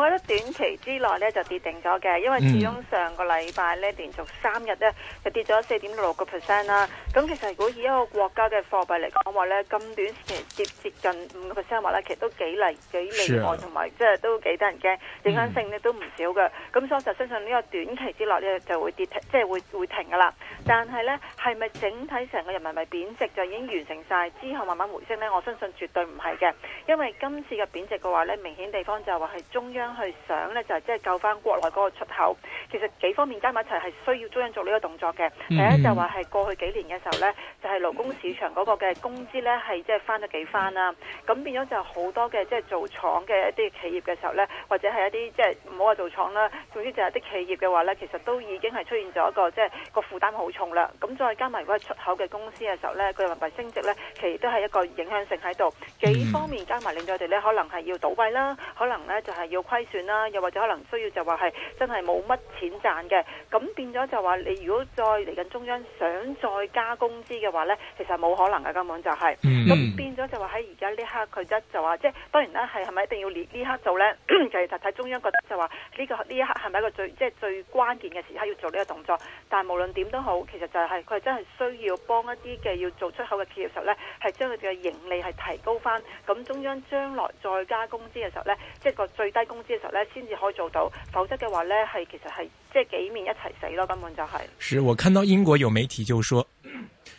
我覺得短期之內咧就跌定咗嘅，因為始終上個禮拜咧連續三日咧就跌咗四點六個 percent 啦。咁其實如果以一個國家嘅貨幣嚟講話咧，咁短期跌接近五個 percent 話咧，其實都幾厲幾厲害，同埋即係都幾得人驚，影響性咧都唔少嘅。咁、mm. 所以我就相信呢個短期之內咧就會跌即係、就是、會會停㗎啦。但係咧係咪整體成個人民幣貶值就已經完成晒之後慢慢回升咧？我相信絕對唔係嘅，因為今次嘅貶值嘅話咧，明顯地方就係話係中央。去想咧就係即係救翻國內嗰個出口，其實幾方面加埋一齊係需要中央做呢個動作嘅、嗯。第一就話、是、係過去幾年嘅時候咧，就係、是、勞工市場嗰個嘅工資咧係即係翻咗幾番啦、啊。咁變咗就好多嘅即係做廠嘅一啲企業嘅時候咧，或者係一啲即係唔好話做廠啦，總之就係啲企業嘅話咧，其實都已經係出現咗一個即係、就是、個負擔好重啦。咁再加埋如果出口嘅公司嘅時候咧，佢人民幣升值咧，其實都係一個影響性喺度。幾方面加埋令到我哋咧，可能係要倒閉啦，可能咧就係、是、要虧。算啦，又或者可能需要就話係真係冇乜錢賺嘅，咁變咗就話你如果再嚟緊中央想再加工資嘅話呢，其實冇可能嘅根本就係，咁變咗就話喺而家呢刻佢一就話即係當然啦，係係咪一定要呢呢刻做呢？ 其實睇中央覺得就話呢個呢一刻係咪一個最即係、就是、最關鍵嘅時刻要做呢個動作？但係無論點都好，其實就係佢真係需要幫一啲嘅要做出口嘅企業，時候呢，係將佢哋嘅盈利係提高翻。咁中央將來再加工資嘅時候呢，即、就、係、是、個最低工嘅時候咧，先至可以做到，否則嘅話咧，係其實係即係幾面一齊死咯，根本就係。是，我看到英國有媒體就說，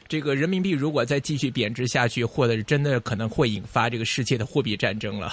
這個人民幣如果再繼續貶值下去，或者真的可能會引發這個世界的貨幣戰爭了。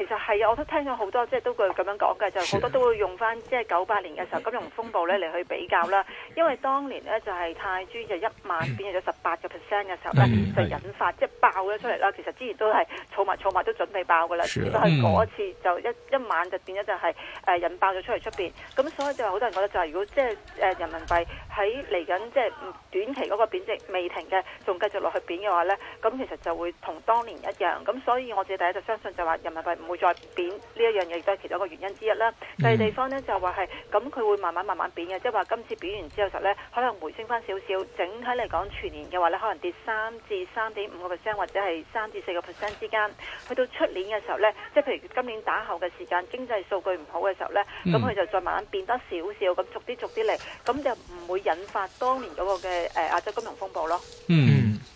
其實係啊，我都聽咗好多，即係都佢咁樣講嘅，就好、是、多都會用翻即係九八年嘅時候金融風暴咧嚟去比較啦。因為當年咧就係、是、泰銖就一萬變咗十八個 percent 嘅時候咧、嗯，就是、引發、嗯、即係爆咗出嚟啦。其實之前都係儲物儲物都準備爆噶啦，都係嗰次就一、嗯、一晚就變咗就係誒引爆咗出嚟出邊。咁所以就係好多人覺得就係如果即係誒人民幣喺嚟緊即係短期嗰個貶值未停嘅，仲繼續落去貶嘅話咧，咁其實就會同當年一樣。咁所以我自己第一就相信就話人民幣唔會再貶呢一樣嘢，亦都係其中一個原因之一啦。第二個地方呢，就話係，咁佢會慢慢慢慢貶嘅，即係話今次貶完之後時候呢，可能回升翻少少。整體嚟講，全年嘅話呢，可能跌三至三點五個 percent，或者係三至四個 percent 之間。去到出年嘅時候呢，即係譬如今年打後嘅時間，經濟數據唔好嘅時候呢，咁、嗯、佢就再慢慢變得少少，咁逐啲逐啲嚟，咁就唔會引發當年嗰個嘅誒亞洲金融風暴咯。嗯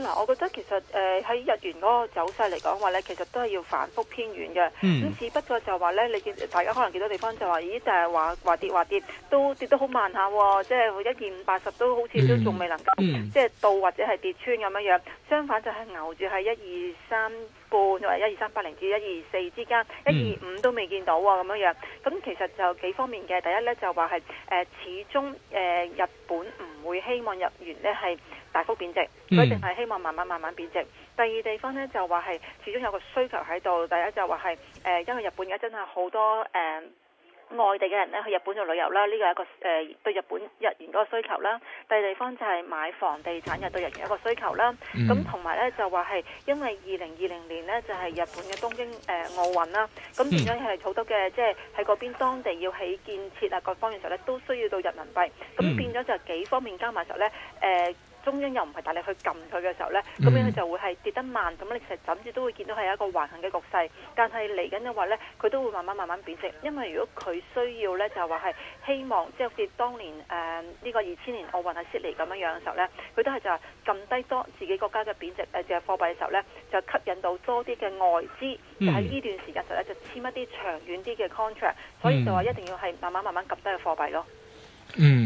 嗱、嗯，我覺得其實誒喺、呃、日元嗰個走勢嚟講話咧，其實都係要反覆偏軟嘅。咁、嗯、只不過就話咧，你見大家可能見到地方就話，咦？就誒話話跌話跌，都跌得好慢下、哦，即係一二五八十都好似都仲未能夠，即、嗯、係、就是、到或者係跌穿咁樣樣。相反就係牛住喺一二三半或一二三八零至一二四之間，一二五都未見到喎咁樣樣。咁其實就幾方面嘅。第一咧就話係誒始終誒、呃、日本唔會希望日元咧係大幅貶值，佢淨係希望慢慢慢慢貶值。第二地方呢，就話係始終有個需求喺度。第一就話係誒，因為日本而家真係好多誒、呃、外地嘅人咧去日本做旅遊啦，呢、呢個係一個誒、呃、對日本日元嗰個需求啦。第二地方就係買房地產又對日元的一個需求啦。咁同埋呢，就話係因為二零二零年呢，就係、是、日本嘅東京誒、呃、奧運啦，咁變咗係好多嘅即係喺嗰邊當地要起建設啊各方面時候呢，都需要到人民幣。咁變咗就係幾方面加埋時候呢。誒、呃。中央又唔係大力去撳佢嘅時候呢，咁、嗯、樣佢就會係跌得慢，咁你其實就咁都會見到係一個橫行嘅局勢。但係嚟緊嘅話呢，佢都會慢慢慢慢貶值，因為如果佢需要呢，就係話係希望，即係好似當年誒呢、呃這個二千年奧運喺悉尼咁樣樣嘅時候呢，佢都係就話撳低多自己國家嘅貶值誒嘅、啊、貨幣嘅時候呢，就吸引到多啲嘅外資，喺、嗯、呢段時間就呢，就簽一啲長遠啲嘅 contract，所以就話一定要係慢慢慢慢撳低嘅貨幣咯。嗯。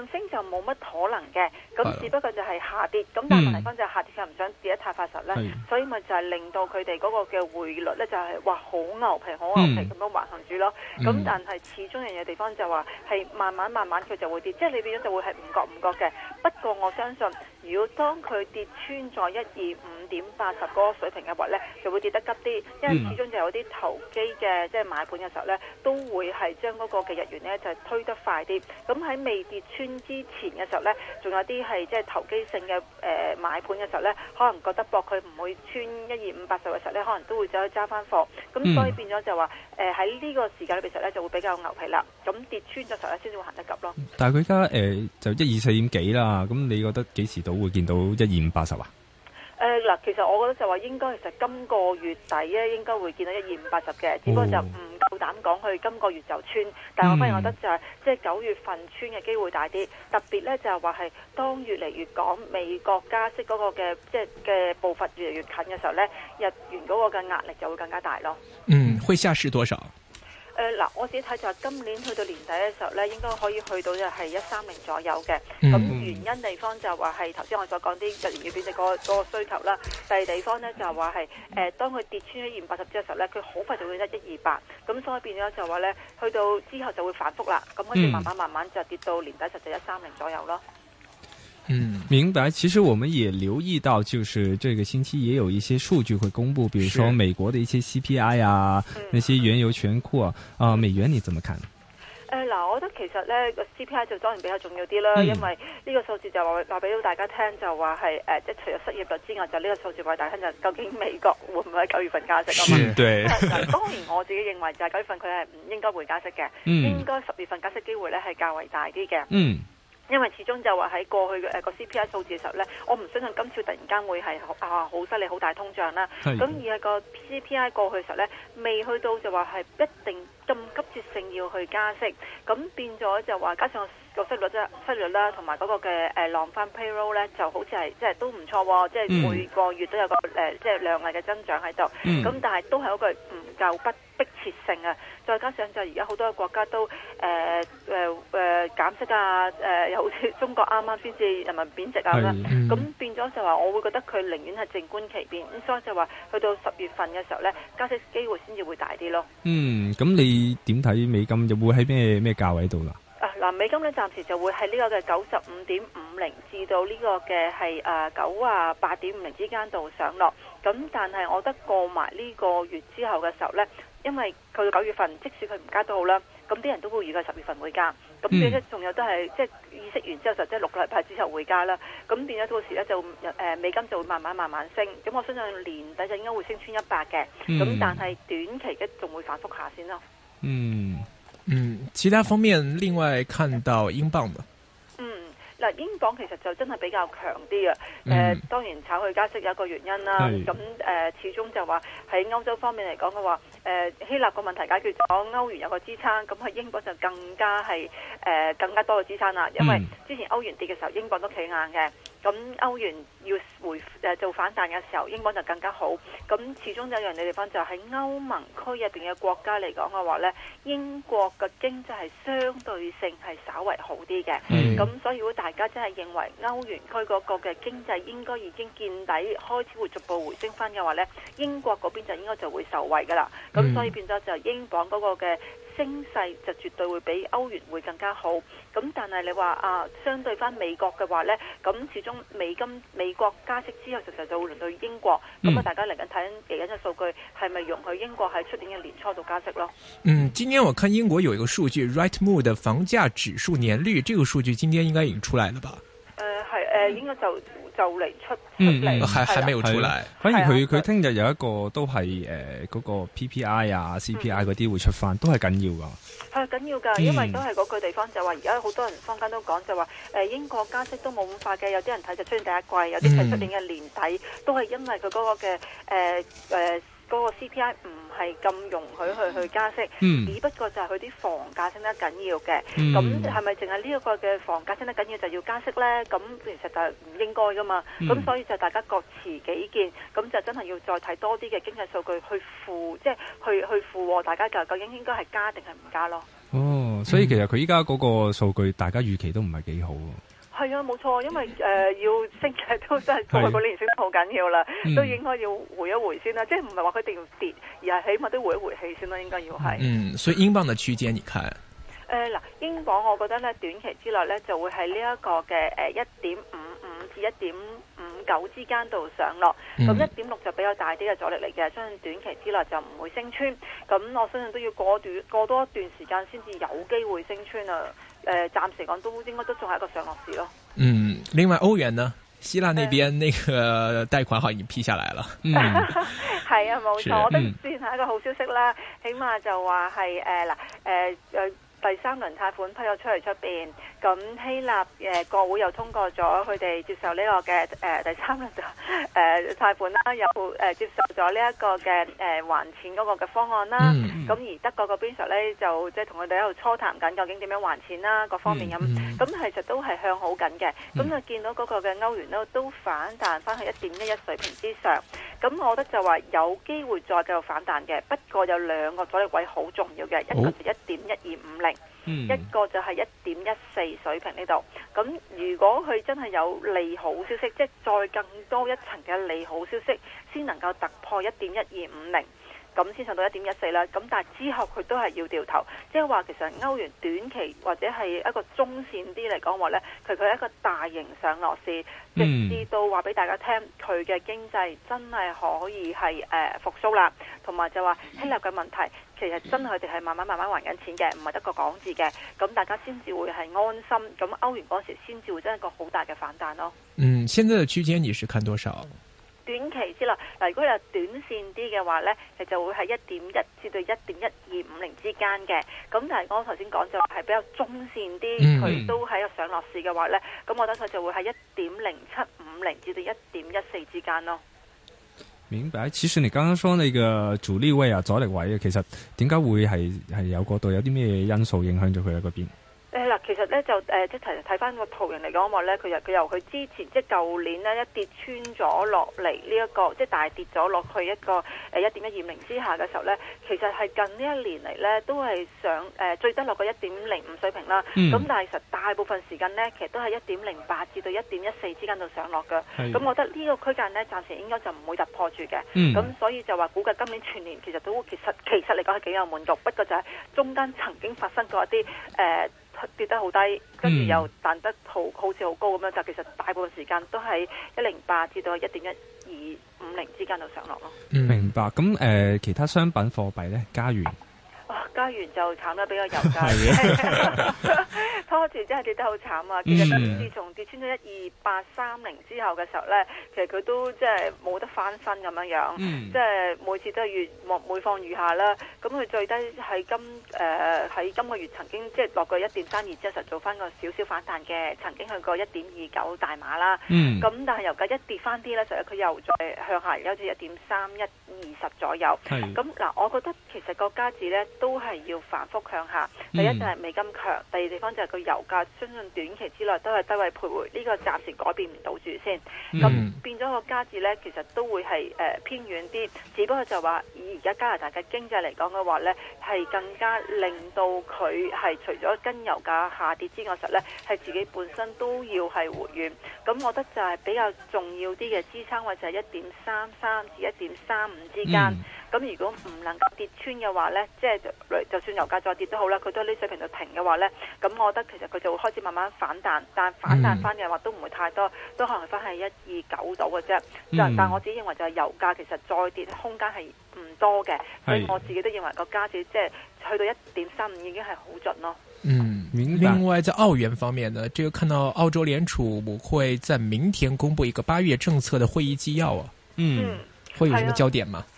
上升就冇乜可能嘅，咁只不過就係下跌，咁、嗯、但係問題方就係下跌佢又唔想跌得太快實，實咧，所以咪就係令到佢哋嗰個嘅匯率咧就係話好牛皮、好牛皮咁樣橫行住咯，咁但係始終有地方就話係慢慢慢慢佢就會跌，即係你變咗就會係唔覺唔覺嘅。不過我相信。如果當佢跌穿咗一二五點八十嗰個水平嘅話呢，就會跌得急啲，因為始終就有啲投機嘅即係買盤嘅時候呢，都會係將嗰個嘅日元呢就推得快啲。咁喺未跌穿之前嘅時候呢，仲有啲係即係投機性嘅誒、呃、買盤嘅時候呢，可能覺得搏佢唔會穿一二五八十嘅時候呢，可能都會走去揸翻貨。咁所以變咗就話誒喺呢個時間嘅時候呢，就會比較牛皮啦。咁跌穿咗時候呢，先至會行得急咯。但係佢而家誒就一二四點幾啦，咁你覺得幾時都會見到一二五八十啊。誒、嗱，其實我覺得就話應該，其實今個月底咧，應該會見到一二五八十嘅，只不過就唔夠膽講去今個月就穿。但係我反而覺得就係、是，即係九月份穿嘅機會大啲。特別咧就係話係當越嚟越講美國加息嗰個嘅，即係嘅步伐越嚟越近嘅時候咧，日元嗰個嘅壓力就會更加大咯。嗯，會下市多少？嗱、呃，我自己睇就係今年去到年底嘅時候咧，應該可以去到就係一三零左右嘅。咁、嗯、原因地方就話係頭先我所講啲日圓變值嗰個需求啦。第二地方咧就話係誒，當佢跌穿一二八十之後咧，佢好快就會一一二八。咁所以變咗就話咧，去到之後就會反覆啦。咁跟住慢慢慢慢就跌到年底時就就一三零左右咯。嗯，明白。其實我們也留意到，就是這個星期也有一些數據會公布，比如說美國的一些 CPI 啊，嗯、那些原油全庫啊、嗯呃，美元你怎麼看？誒、呃、嗱，我覺得其實呢、呢個 CPI 就當然比較重要啲啦、嗯，因為呢個數字就話話俾到大家聽就話係誒，即、呃、除咗失業率之外，就呢個數字話大家聽就是、究竟美國會唔會喺九月份加息㗎嘛？是，對。 當然我自己認為就係九月份佢係唔應該會加息嘅、嗯，應該十月份加息機會呢係較為大啲嘅。嗯。因為始終就話喺過去嘅誒個 CPI 數字嘅時候咧，我唔相信今次突然間會係啊好犀利、好大通脹啦。咁而係個 CPI 過去嘅時候咧，未去到就話係一定咁急切性要去加息。咁變咗就話加上個息率啫，息率啦同埋嗰個嘅誒浪翻 payroll 咧，就好似係即係都唔錯喎，即係每個月都有個誒即係量力嘅增長喺度。咁但係都係嗰句唔夠不迫切性啊！再加上就而家好多嘅國家都誒誒誒減息啊，誒、呃、又好似中國啱啱先至人民貶值啊咁，咁變咗就話我會覺得佢寧願係靜觀其變，咁所以就話去到十月份嘅時候咧，加息機會先至會大啲咯。嗯，咁你點睇美金又會喺咩咩價位度啦？啊，嗱，美金咧暫時就會喺呢個嘅九十五點五零至到呢個嘅係誒九啊八點五零之間度上落。咁但係我覺得過埋呢個月之後嘅時候咧，因為佢到九月份，即使佢唔加都好啦，咁啲人都會預計十月份會加。咁而且仲有都係即係議息完之後就即、是、係六個禮拜之後會加啦。咁變咗到時咧就誒、呃、美金就會慢慢慢慢升。咁我相信年底就應該會升穿一百嘅。咁、嗯、但係短期嘅仲會反覆下先囉。嗯嗯，其他方面另外看到英鎊嘅。嗯，嗱，英鎊其實就真係比較強啲嘅。誒、呃嗯，當然炒佢加息有一個原因啦。咁誒、嗯呃，始終就話喺歐洲方面嚟講嘅話。呃、希臘個問題解決咗，歐元有個支撐，咁喺英國就更加係、呃、更加多個支撐啦，因為之前歐元跌嘅時候，英國都企硬嘅。咁歐元要回誒、呃、做反彈嘅時候，英鎊就更加好。咁始終有一樣嘅地方，就喺歐盟區入邊嘅國家嚟講嘅話呢，英國嘅經濟係相對性係稍為好啲嘅。咁、mm. 所以如果大家真係認為歐元區嗰個嘅經濟應該已經見底，開始會逐步回升翻嘅話呢，英國嗰邊就應該就會受惠㗎啦。咁所以變咗就英鎊嗰個嘅。經濟就絕對會比歐元會更加好，咁但係你話啊，相對翻美國嘅話呢，咁始終美金、美國加息之後，其實就會輪到英國，咁啊大家嚟緊睇緊嚟緊嘅數據，係咪容許英國喺出年嘅年初度加息咯？嗯，今天我看英國有一個數據，Rightmove 嘅房價指數年率，這個數據今天應該已經出來了吧？誒、嗯，應該就就嚟出出嚟，係、嗯、係未出嚟。反而佢佢聽日有一個都係誒，嗰、呃嗰個 PPI 啊、嗯、CPI 嗰啲會出翻，都係緊要噶。係、嗯、緊要噶，因為都係嗰句地方就話，而家好多人坊間都講就話，誒、呃、英國加息都冇咁快嘅，有啲人睇就出年第一季，有啲睇出年嘅年底，都係因為佢嗰個嘅誒誒。呃呃嗰、那個 CPI 唔係咁容許去去加息、嗯，只不過就係佢啲房價升得緊要嘅。咁係咪淨係呢一個嘅房價升得緊要就要加息呢？咁其實就唔應該噶嘛。咁、嗯、所以就大家各持己見，咁就真係要再睇多啲嘅經濟數據去附，即、就、係、是、去去附和大家嘅究竟應該係加定係唔加咯。哦，所以其實佢依家嗰個數據，大家預期都唔係幾好。係啊，冇錯，因為誒、呃、要升嘅都真係過去嗰年升得好緊要啦、嗯，都應該要回一回先啦，即係唔係話佢一定要跌，而係起碼都回一回氣先啦，應該要係。嗯，所以英鎊嘅區間，你看、呃？誒嗱，英鎊我覺得咧短期之內咧就會喺呢一個嘅誒一點五五至一點五九之間度上落，咁一點六就比較大啲嘅阻力嚟嘅，相信短期之內就唔會升穿，咁我相信都要過段過多一段時間先至有機會升穿啊。誒、呃，暫時講都應該都仲係一個上落市咯。嗯，另外歐元呢？希臘那邊那個貸款好已經批下來啦。係、嗯、 啊，冇錯、嗯，我都算係一個好消息啦。起碼就話係誒嗱誒誒。呃呃呃第三輪貸款批咗出嚟出邊，咁希臘誒、呃、國會又通過咗佢哋接受呢個嘅誒、呃、第三輪嘅誒、呃、貸款啦，又誒、呃、接受咗呢一個嘅誒、呃、還錢嗰個嘅方案啦。咁、mm -hmm. 而德國嗰邊上咧就即係同佢哋喺度初談緊究竟點樣還錢啦、啊，各方面咁。Mm -hmm. 咁其實都係向好緊嘅，咁就見到嗰個嘅歐元呢都反彈翻去一點一一水平之上，咁我覺得就話有機會再繼續反彈嘅，不過有兩個阻力位好重要嘅，一個就一點一二五零，一個就係一點一四水平呢度。咁如果佢真係有利好消息，即係再更多一層嘅利好消息，先能夠突破一點一二五零。咁先上到一點一四啦，咁但係之後佢都係要掉頭，即係話其實歐元短期或者係一個中線啲嚟講話呢，佢佢係一個大型上落市，直至到話俾大家聽佢嘅經濟真係可以係誒復蘇啦，同埋就話希臘嘅問題其實真係佢哋係慢慢慢慢還緊錢嘅，唔係得個講字嘅，咁大家先至會係安心，咁歐元嗰時先至會真係一個好大嘅反彈咯。嗯，現在嘅區間你是看多少？短期之內嗱，如果有短線啲嘅話咧，其實就會喺一點一至到一點一二五零之間嘅。咁但係我頭先講就係比較中線啲，佢、嗯、都喺度上落市嘅話咧，咁我覺得佢就會喺一點零七五零至到一點一四之間咯。明白。其實你剛剛說你嘅主力位啊、阻力位啊，其實點解會係係有嗰度？有啲咩因素影響咗佢喺嗰邊？係啦、呃，其實咧就誒，即係睇翻個圖形嚟講話咧，佢由佢由佢之前即係舊年呢一跌穿咗落嚟呢一個，即係大跌咗落去一個誒一點一二零之下嘅時候咧，其實係近呢一年嚟咧都係上、呃、最低落過一點零五水平啦。咁、嗯、但係其實大部分時間咧，其實都係一點零八至到一點一四之間度上落嘅。係。咁我覺得呢個區間咧，暫時應該就唔會突破住嘅。咁、嗯、所以就話估計今年全年其實都其實其實嚟講係幾有滿足，不過就係中間曾經發生過一啲誒。呃跌得好低，跟住又彈得好好似好高咁樣，就其實大部分時間都喺一零八至到一點一二五零之間度上落咯、嗯。明白，咁誒、呃，其他商品貨幣咧，加元。加完就慘得比較油價嘅，拖住真係跌得好慘啊、嗯！其實自從跌穿咗一二八三零之後嘅時候咧，其實佢都即係冇得翻身咁樣樣，嗯、即係每次都越放每放越下啦。咁佢最低係今誒喺、呃、今個月曾經即係落過一點三二之後做翻個少少反彈嘅，曾經去過一點二九大碼啦。咁、嗯、但係油價一跌翻啲咧，就佢又再向下有至一點三一二十左右。咁 嗱，我覺得其實那個家字咧都係。係要反覆向下。第一就係美金強，第二地方就係個油價，相信短期之內都係低位徘徊，呢、這個暫時改變唔到住先。咁、嗯、變咗個加字呢，其實都會係誒、呃、偏遠啲，只不過就話以而家加拿大嘅經濟嚟講嘅話呢，係更加令到佢係除咗跟油價下跌之外，實呢係自己本身都要係回軟。咁我覺得就係比較重要啲嘅支撐位就係一點三三至一點三五之間。咁、嗯、如果唔能夠跌穿嘅話呢，即、就、係、是、就，就算油價再跌也好它都好啦，佢都。呢水平度停嘅話咧，咁我覺得其實佢就會開始慢慢反彈，但反彈翻嘅話都唔會太多，嗯、都可能翻係一二九度嘅啫。但我自己認為就係油價其實再跌空間係唔多嘅、嗯，所以我自己都認為個價值即係去到一點三五已經係好盡咯。嗯，另外，在澳元方面呢，就看到澳洲聯儲會在明天公布一個八月政策的會議紀要啊、嗯。嗯，會有咩焦點嗎？嗯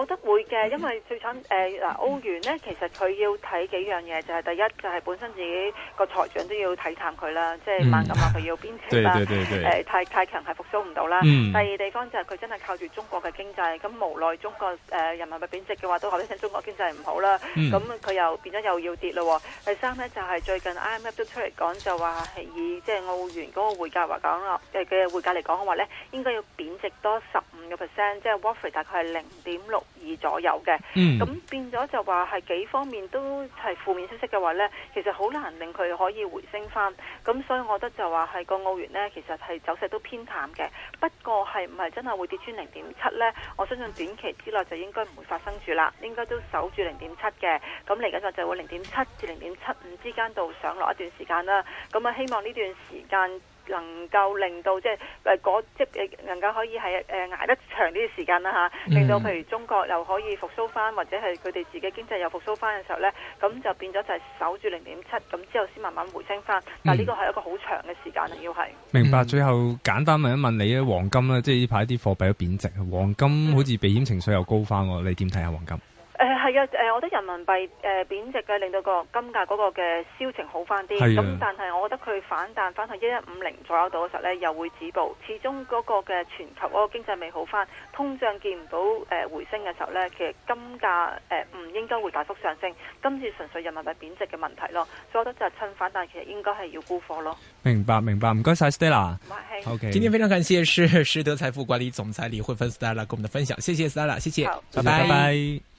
覺得會嘅，因為最慘誒嗱澳元咧，其實佢要睇幾樣嘢，就係、是、第一就係、是、本身自己個財長都要睇淡佢啦，嗯、即係萬冇話佢要邊折、啊呃、啦，太太強係復甦唔到啦。第二地方就係佢真係靠住中國嘅經濟，咁無奈中國誒、呃、人民幣貶值嘅話，都話俾你聽中國經濟唔好啦，咁、嗯、佢又變咗又要跌咯。第三咧就係、是、最近 IMF 都出嚟講，就話以即係澳元嗰個匯價話講咯嘅匯價嚟講嘅話咧，應該要貶值多十五個 percent，即係 waffle 大概係零點六。二、嗯、左右嘅，咁變咗就話係幾方面都係負面消息嘅話呢，其實好難令佢可以回升返，咁所以我覺得就話係個澳元呢，其實係走勢都偏淡嘅。不過係唔係真係會跌穿零點七呢？我相信短期之內就應該唔會發生住啦，應該都守住零點七嘅。咁嚟緊就就會零點七至零點七五之間度上落一段時間啦。咁啊，希望呢段時間，能夠令到即係嗰即係能夠可以係誒、呃、捱得長啲嘅時間啦嚇、啊，令到譬如中國又可以復甦翻，或者係佢哋自己經濟又復甦翻嘅時候咧，咁就變咗就係守住零點七，咁之後先慢慢回升翻。但係呢個係一個好長嘅時間、嗯、要係明白。最後簡單問一問你啊，黃金咧，即係呢排啲貨幣都貶值，黃金好似避險情緒又高翻喎、嗯，你點睇下黃金？誒係啊，誒、呃，我覺得人民幣誒貶值嘅令到個金價嗰個嘅銷情好翻啲，咁但係我覺得佢反彈翻去一一五零左右度嘅時候咧，又會止步。始終嗰個嘅全球嗰個經濟未好翻，通脹見唔到誒回升嘅時候咧，其實金價誒唔、呃、應該會大幅上升。今次純粹人民幣貶值嘅問題咯，所以我覺得就係趁反彈，其實應該係要沽貨咯。明白明白，唔該晒 Stella。唔、okay. 客今天非常感謝實實德財富管理總裁李慧芬 Stella 給我們的分享，謝謝 Stella，謝謝，拜拜。謝謝拜拜拜拜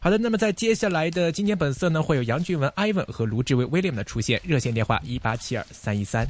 好的，那麼在接下來的《今天本色》呢，會有楊俊文、Ivan 和盧志偉、William 的出現。熱線電話：一八七二三一三。